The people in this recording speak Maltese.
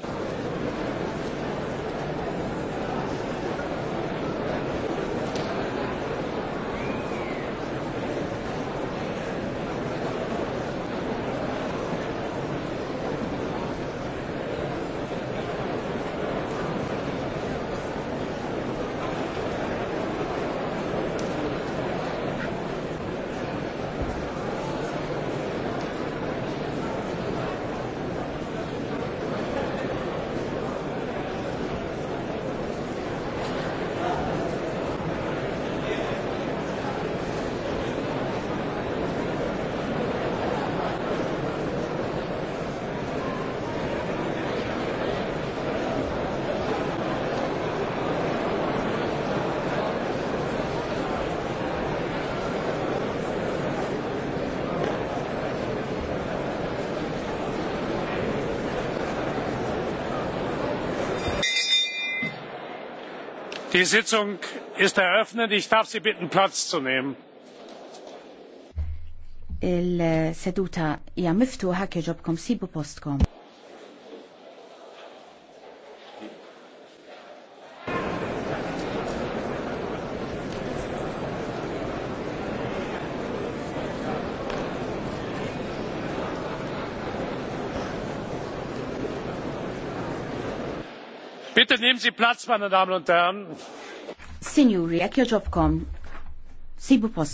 afternoon. die sitzung ist eröffnet ich darf sie bitten platz zu nehmen il-seduta hija miftuħa kieġobkom sibu postkom Bitte nehmen Sie Platz, meine Damen und Herren. Signori, jekk joġobkom, sibu post.